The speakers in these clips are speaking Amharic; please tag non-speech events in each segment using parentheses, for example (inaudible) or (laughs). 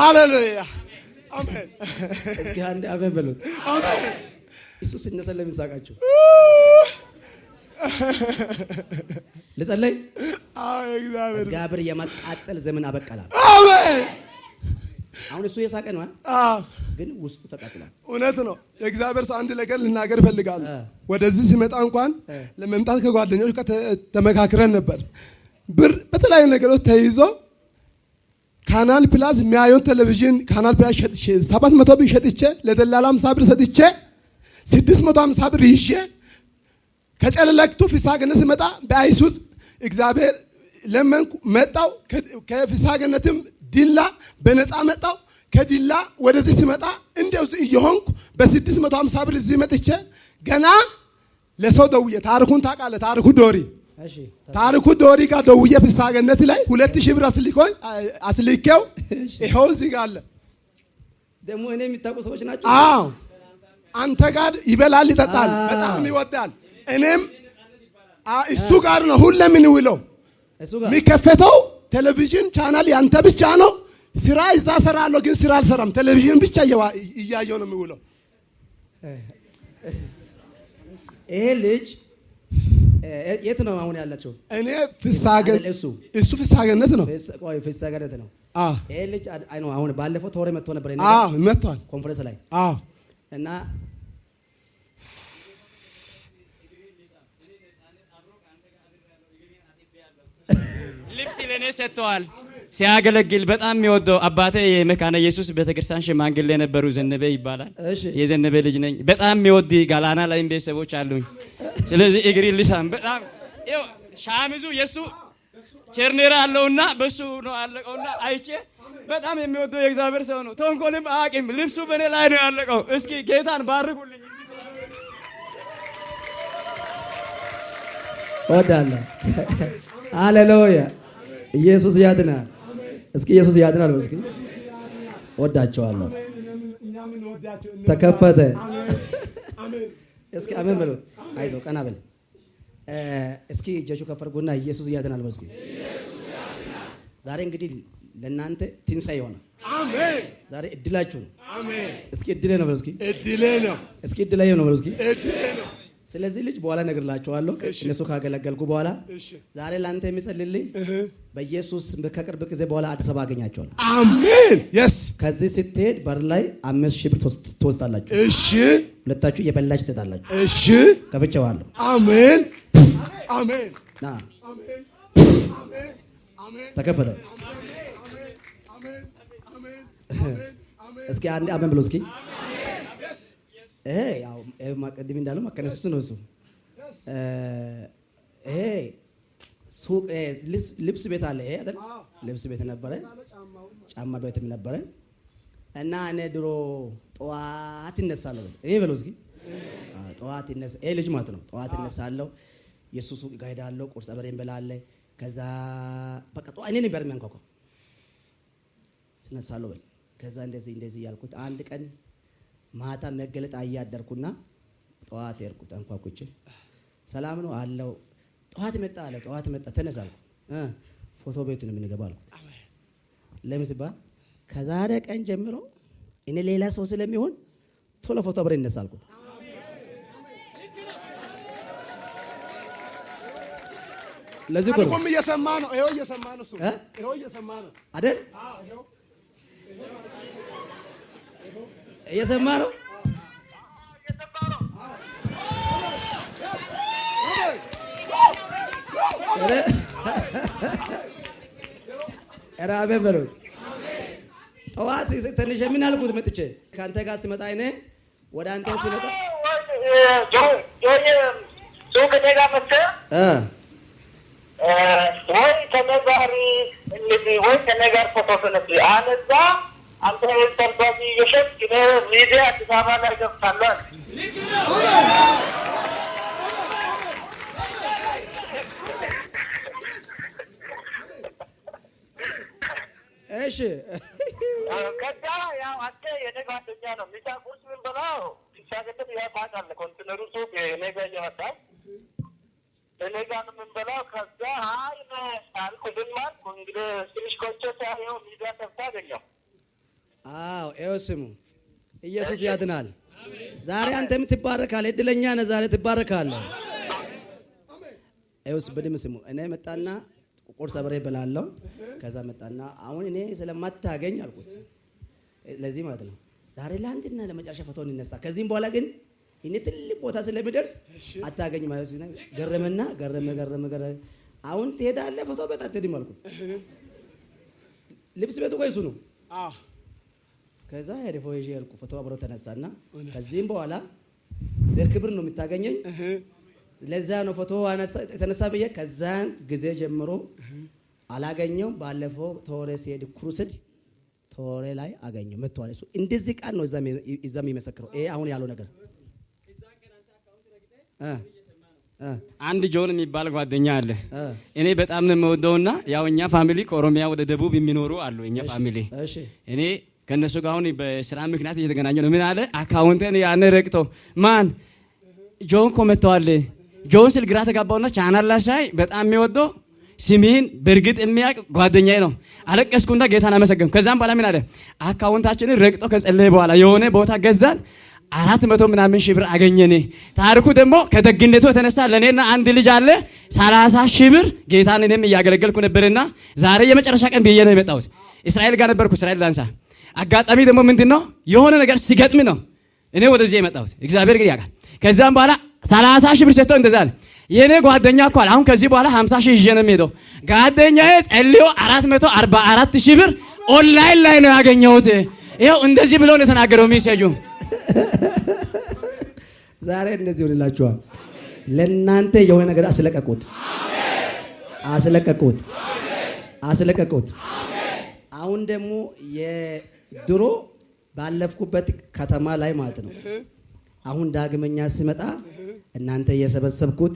ሃሌሉያ አሜን። (laughs) እስኪ አንድ አሜን በሉት። አሜን። እሱ ሲነሳ ለምን ሳቃችሁ? (laughs) ልጸለይ። እግዚአብሔር የማቃጠል ዘመን አበቃላል። አሜን። አሁን እሱ የሳቀ ነው፣ ግን ውስጡ ተቃጥሏል። እውነት ነው። የእግዚአብሔር ሰው አንድ ነገር ልናገር እፈልጋለሁ። ወደዚህ ሲመጣ እንኳን ለመምጣት ከጓደኞች ጋር ተመካክረን ነበር። ብር በተለያዩ ነገሮች ተይዞ ካናል ፕላስ የሚያየውን ቴሌቪዥን ካናል ፕላስ ሸጥቼ ሰባት መቶ ብር ሸጥቼ ለደላላ ሃምሳ ብር ሰጥቼ ስድስት መቶ ሃምሳ ብር ይዤ ከጨለለክቱ ፍስሐ ገነት ስመጣ በአይሱዝ እግዚአብሔር ለመንኩ መጣው። ከፍስሐ ገነትም ዲላ በነፃ መጣው። ከዲላ ወደዚህ ስመጣ እንደው እየሆንኩ በስድስት መቶ ሃምሳ ብር እዚህ መጥቼ ገና ለሰው ደውዬ ታሪኩን ታውቃለህ ታሪኩ ዶሪ ታሪኩ ዶሪ ጋር ደውዬ ፍስሐ ገነት ላይ ሁለት ሺህ ብር አስልኮኝ አስልኬው ይኸው እዚህ ጋር አለ። ደግሞ እኔ የሚታቁ ሰዎች ናቸው። አዎ አንተ ጋር ይበላል ይጠጣል፣ በጣም ይወዳል። እኔም እሱ ጋር ነው ሁሌ የምንውለው። የሚከፈተው ቴሌቪዥን ቻናል ያንተ ብቻ ነው። ስራ እዛ እሰራለሁ፣ ግን ስራ አልሰራም። ቴሌቪዥን ብቻ እያየው ነው የሚውለው ይሄ ልጅ የት ነው አሁን ያላቸው? እኔ ፍስሐ እሱ እሱ ነው። ነው። ይሄ ልጅ አሁን ባለፈው ተወሬ መጥቶ ነበር። መጥቷል ኮንፈረንስ ላይ እና ልብስ ለእኔ ሰጥተዋል። ሲያገለግል በጣም የሚወደው አባቴ የመካነ ኢየሱስ ቤተክርስቲያን ሽማግሌ ነበሩ። ዘነበ ይባላል። የዘነበ ልጅ ነኝ። በጣም የሚወድ ጋላና ላይ ቤተሰቦች አሉኝ። ስለዚህ እግሪ ልሳም በጣም ሻሚዙ የእሱ ቸርኔራ አለውና በሱ ነው አለቀውና አይቼ በጣም የሚወደው የእግዚአብሔር ሰው ነው። ተንኮልም አቂም ልብሱ በእኔ ላይ ነው ያለቀው። እስኪ ጌታን ባርኩልኝ። ወዳለሁ። አሌሉያ። ኢየሱስ ያድናል። እስኪ ኢየሱስ ያድናል። እስኪ ወዳቸዋለሁ። ተከፈተ። እስኪ አሜን በሉ። አይዞ ቀና በል እስኪ እጃችሁ ከፍ አድርጎና ኢየሱስ ያድናል በሉ። ዛሬ እንግዲህ ለእናንተ ትንሣኤ ይሆናል። አሜን። ዛሬ እድላችሁ ነው። አሜን። እስኪ እድሌ ነው በሉ። እስኪ እድሌ ነው። እስኪ እድሌ ነው በሉ። እስኪ እድሌ ነው ስለዚህ ልጅ በኋላ እነግርላቸዋለሁ እነሱ ካገለገልኩ በኋላ። ዛሬ ለአንተ የሚጸልልኝ በኢየሱስ ከቅርብ ጊዜ በኋላ አዲስ አበባ አገኛቸዋል። አሜን። የስ ከዚህ ስትሄድ በር ላይ አምስት ሺህ ብር ትወስዳላችሁ። እሺ። ሁለታችሁ የበላች ትጣላችሁ። እሺ። ከፍቼዋለሁ። አሜን። አሜን። ተከፈለ። እስኪ አንድ አሜን ብሎ እስኪ ቅድም እንዳለው መቀነሱስ ነው እሱ ሱቅ ልብስ ቤት አለ። ይሄ አይደል ልብስ ቤት ነበረ፣ ጫማ ቤትም ነበረ። እና እኔ ድሮ ጠዋት እነሳለሁ። ይሄ በለው እስኪ ጠዋት እነሳ ይሄ ልጅ ማለት ነው። ጠዋት እነሳለሁ፣ የእሱ ሱቅ እሄዳለሁ፣ ቁርስ አብረን እንበላለን። ከዛ በቃ ጠዋት እኔ ነበር የሚያንኳኳው፣ እነሳለሁ በል። ከዛ እንደዚህ እንደዚህ እያልኩት አንድ ቀን ማታ መገለጥ አያደርኩና ጠዋት ሄድኩ። ተንኳኩቼ ሰላም ነው አለው። ጠዋት መጣ አለ። ጠዋት መጣ ተነሳ አልኩት። ፎቶ ቤት ነው የምንገባ አልኩት። ለምን ሲባል ከዛሬ ቀን ጀምሮ እኔ ሌላ ሰው ስለሚሆን ቶሎ ፎቶ አብረን እንነሳ አልኩት። ለዚህ እኮ ቆም እየሰማ ነው። ይኸው እየሰማ ነው። እሱ ይኸው እየሰማ ነው አይደል? እየሰማ ነው። ራበ በለው ጠዋት ትንሽ ምን አልኩት መጥቼ ከአንተ ጋር ሲመጣ እኔ ወደ አንተ ሲመጣ ወይ ተነጋሪ ወይ ተነጋር ፎቶ አነዛ አንተ የሰባኝ እየሸጥ እኔ ሚዲያ አዲስ አበባ ላይ ገብታለሁ አለ። እሺ ከዛ ያው አንተ የኔ ጓደኛ ነው ሚሳ ቁርስ ምን በላው ሲሻገጥም ያ ታውቃለ ኮንትነሩ ሱቅ የኔ ጋ እየመጣ እኔ ጋ ነው ምን በላው ከዛ አይ አልኩ ዝም አልኩ እንግዲህ ትንሽ ኮንቸት ያው ሚዲያ ተብታ አገኘው አዎ ይኸው ስሙ ኢየሱስ ያድናል። ዛሬ አንተም ትባረካለህ። እድለኛ ነህ። ዛሬ ትባረካለህ። ይኸውስ በድም ስሙ እኔ መጣና ቁርስ አብሬ በላለው። ከዛ መጣና አሁን እኔ ስለማታገኝ አልኩት። ለዚህ ማለት ነው ዛሬ ለአንድና ለመጨረሻ ፈቶ እንነሳ። ከዚህም በኋላ ግን እኔ ትልቅ ቦታ ስለሚደርስ አታገኝ ማለት ነው። ገረመና ገረመ ገረመ ገረመ። አሁን ትሄዳለህ፣ ፈቶ ቤት አትሄድም አልኩት። ልብስ ቤቱ ቆይሱ ነው። ነው። ከዛ ሄደፎ ይዤ ሄድኩ። ፎቶ አብሮ ተነሳና ከዚህም በኋላ በክብር ነው የምታገኘኝ። ለዛ ነው ፎቶ የተነሳ ብዬ ከዛን ጊዜ ጀምሮ አላገኘው። ባለፈው ቶሬ ሲሄድ ክሩስድ ቶሬ ላይ አገኘው መጥተዋል። እሱ እንደዚህ ቃል ነው እዛ የሚመሰክረው። ይሄ አሁን ያለው ነገር አንድ ጆን የሚባል ጓደኛ አለ። እኔ በጣም ነው የምወደውና ያው እኛ ፋሚሊ ከኦሮሚያ ወደ ደቡብ የሚኖሩ አሉ። እኛ ፋሚሊ እኔ ከእነሱ ጋር አሁን በስራ ምክንያት እየተገናኘ ነው። ምን አለ አካውንትን ያን ረግጦ ማን ጆን እኮ መጥተዋል። ጆን ስል ግራ ተጋባውና ቻናል ላሳይ በጣም የሚወደው ስሜን በእርግጥ የሚያውቅ ጓደኛዬ ነው። አለቀስኩና ጌታን አመሰገንኩ። ከዛም በኋላ ምን አለ አካውንታችንን ረግጦ ከጸለየ በኋላ የሆነ ቦታ ገዛን አራት መቶ ምናምን ሺህ ብር አገኘን። ታሪኩ ደግሞ ከደግነቱ የተነሳ ለእኔና አንድ ልጅ አለ ሰላሳ ሺህ ብር ጌታን እኔም እያገለገልኩ ነበርና ዛሬ የመጨረሻ ቀን ብዬ ነው የመጣሁት። እስራኤል ጋር ነበርኩ። እስራኤል ዳንሳ አጋጣሚ ደግሞ ምንድን ነው የሆነ ነገር ሲገጥም ነው እኔ ወደዚህ የመጣሁት። እግዚአብሔር ግን ያውቃል። ከዛም በኋላ ሰላሳ ሺህ ብር ሰጥተው እንደዛ አለ። የእኔ ጓደኛ እኮ አለ አሁን ከዚህ በኋላ ሀምሳ ሺህ ይዤ ነው የምሄደው። ጓደኛዬ ጸልዮ አራት መቶ አርባ አራት ሺህ ብር ኦንላይን ላይ ነው ያገኘሁት። ይኸው እንደዚህ ብሎ ነው የተናገረው። ሚሴጁ ዛሬ እንደዚህ ሆንላችኋል። ለእናንተ የሆነ ነገር አስለቀቁት፣ አስለቀቁት፣ አስለቀቁት። አሁን ደግሞ ድሮ ባለፍኩበት ከተማ ላይ ማለት ነው። አሁን ዳግመኛ ሲመጣ እናንተ እየሰበሰብኩት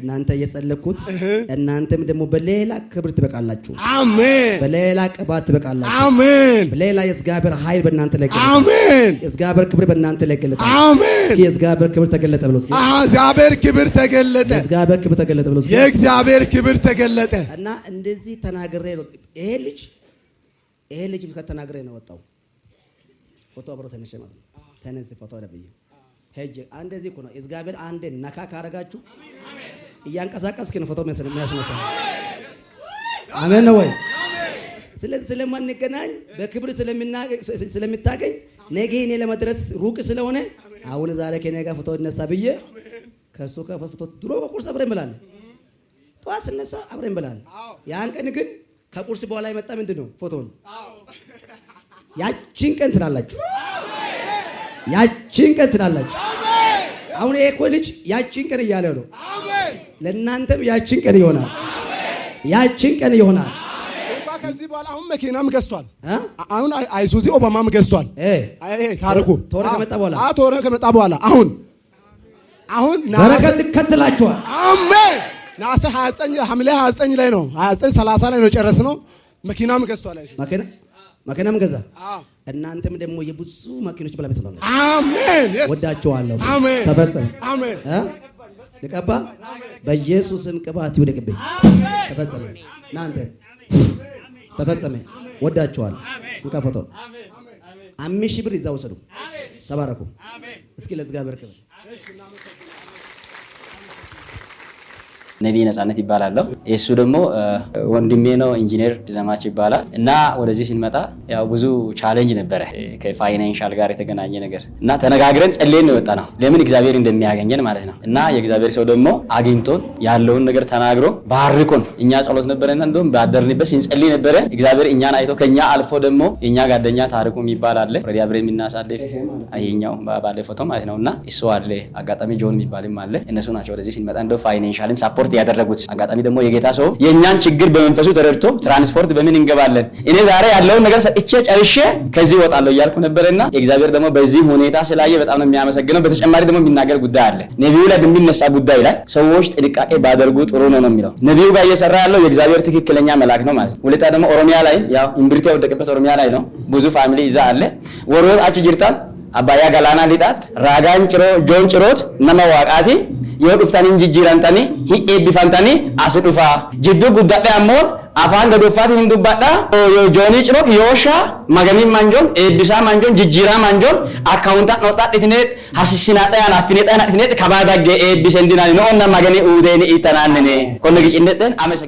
እናንተ እየጸለኩት እናንተም ደግሞ በሌላ ክብር ትበቃላችሁ። አሜን። በሌላ ቅባት ትበቃላችሁ። አሜን። በሌላ የእግዚአብሔር ኃይል በእናንተ ላይ ገለጠ። አሜን። የእግዚአብሔር ክብር በእናንተ ላይ ገለጠ። አሜን። እስኪ የእግዚአብሔር ክብር ተገለጠ ብሎ እስኪ የእግዚአብሔር ክብር ተገለጠ። የእግዚአብሔር ክብር ተገለጠ ብሎ እስኪ የእግዚአብሔር ክብር ተገለጠ። እና እንደዚህ ተናግሬ ነው ይሄ ልጅ ይሄ ልጅ ከተናግሬ ነው ወጣው ፎቶ አብሮ ተነሸ ማለት ነው። ተነስ ፎቶ ነብዩ ሄጅ እንደዚህ ነው። እግዚአብሔር አንዴ ነካ ካረጋችሁ እያንቀሳቀስክ ነው ፎቶ የሚያስነሳ አሜን ነው ወይ? ስለዚህ ስለማንገናኝ በክብር ስለምታገኝ ነገ እኔ ለመድረስ ሩቅ ስለሆነ አሁን ዛሬ ከኔ ጋር ፎቶ ይነሳ ብዬ ከእሱ ጋር ፎቶ ድሮ በቁርስ አብረን እንበላለን። ጠዋት ስነሳ አብረን እንበላለን። ያን ቀን ግን ከቁርስ በኋላ የመጣ ምንድን ነው ፎቶ ያቺን ቀን ትላላችሁ፣ ያቺን ቀን ትላላችሁ። አሁን ይሄ እኮ ልጅ ያቺን ቀን እያለ ነው። ለእናንተም ያቺን ቀን ይሆናል፣ ያቺን ቀን ይሆናል። ከዚህ በኋላ አሁን መኪናም ገዝቷል። አሁን አይሱዚ ኦባማም ገዝቷል። ካርኩ ቶረ ከመጣ በኋላ ቶረ ከመጣ በኋላ አሁን አሁን በረከት ይከተላችኋል። አሜን። ነሐሴ 29 ሐምሌ 29 ላይ ነው 29 30 ላይ ነው ጨረስ ነው። መኪናም ገዝቷል አይሱዚ መኪና መኪናም ገዛ። እናንተም ደግሞ የብዙ መኪኖች ባለቤት ሆናል። አሜን። ወዳቸዋለሁ። ተፈጸመ። አሜን። ልቀባ በኢየሱስም ቅባት ይውደቅብኝ። ተፈጸመ። እናንተ ተፈጸመ። ወዳቸዋለሁ። ንቀፈቶ አምስት ሺህ ብር ይዛ ወሰዱ። ተባረኩ። እስኪ ለእግዚአብሔር ክብር ነቢይ ነፃነት ይባላለሁ። የእሱ ደግሞ ወንድሜ ነው፣ ኢንጂነር ዘማች ይባላል እና ወደዚህ ስንመጣ ያው ብዙ ቻሌንጅ ነበረ ከፋይናንሻል ጋር የተገናኘ ነገር እና ተነጋግረን ጸሌን ነው የወጣ ነው። ለምን እግዚአብሔር እንደሚያገኘን ማለት ነው። እና የእግዚአብሔር ሰው ደግሞ አግኝቶን ያለውን ነገር ተናግሮ ባርኮን፣ እኛ ጸሎት ነበረና እንደውም ባደርንበት ስንጸልይ ነበረ። እግዚአብሔር እኛን አይቶ ከኛ አልፎ ደግሞ የእኛ ጋደኛ ታሪኩ የሚባል አለ ረዲያብሬ የምናሳልፍ ይሄኛው ባለ ፎቶ ማለት ነው እና እሱ አለ አጋጣሚ ጆን የሚባልም አለ እነሱ ናቸው ወደዚህ ስንመጣ እንደ ፋይናንሻልም ሳፖርት ትራንስፖርት ያደረጉት። አጋጣሚ ደግሞ የጌታ ሰው የእኛን ችግር በመንፈሱ ተረድቶ ትራንስፖርት በምን እንገባለን፣ እኔ ዛሬ ያለውን ነገር ሰጥቼ ጨርሼ ከዚህ እወጣለሁ እያልኩ ነበርና እግዚአብሔር ደግሞ በዚህ ሁኔታ ስላየ በጣም ነው የሚያመሰግነው። በተጨማሪ ደግሞ የሚናገር ጉዳይ አለ። ነቢዩ ላይ በሚነሳ ጉዳይ ላይ ሰዎች ጥንቃቄ ባደርጉ ጥሩ ነው ነው የሚለው ነቢዩ ጋር እየሰራ ያለው የእግዚአብሔር ትክክለኛ መልአክ ነው ማለት ነው። ሁለታ ደግሞ ኦሮሚያ ላይ ያው እምብርት ኦሮሚያ ላይ ነው። ብዙ ፋሚሊ ይዛ አለ ወሮት ጅርታል አባያ ገላና ሊጣት ራጋን ጭሮ ጆን ጭሮት ነመዋቃቲ yoo dhuftanii jijjiirantanii hin eebbifamtanii as dhufa jidduu guddaadha ammoo afaan gadi gadoofaati hin dubbadha yoo joonii cirok shaa maganii manjoon eebbisaa manjoon jijjiiraa manjoon akka akkaawuntaa dhoodhaa dhitineet hasisinaa dhayaan affinee dhayaan dhitineet kabaa daggee eebbisen dinaan no onna maganii uudee ni uudeeni ittanaannine konne gicinnetten amesa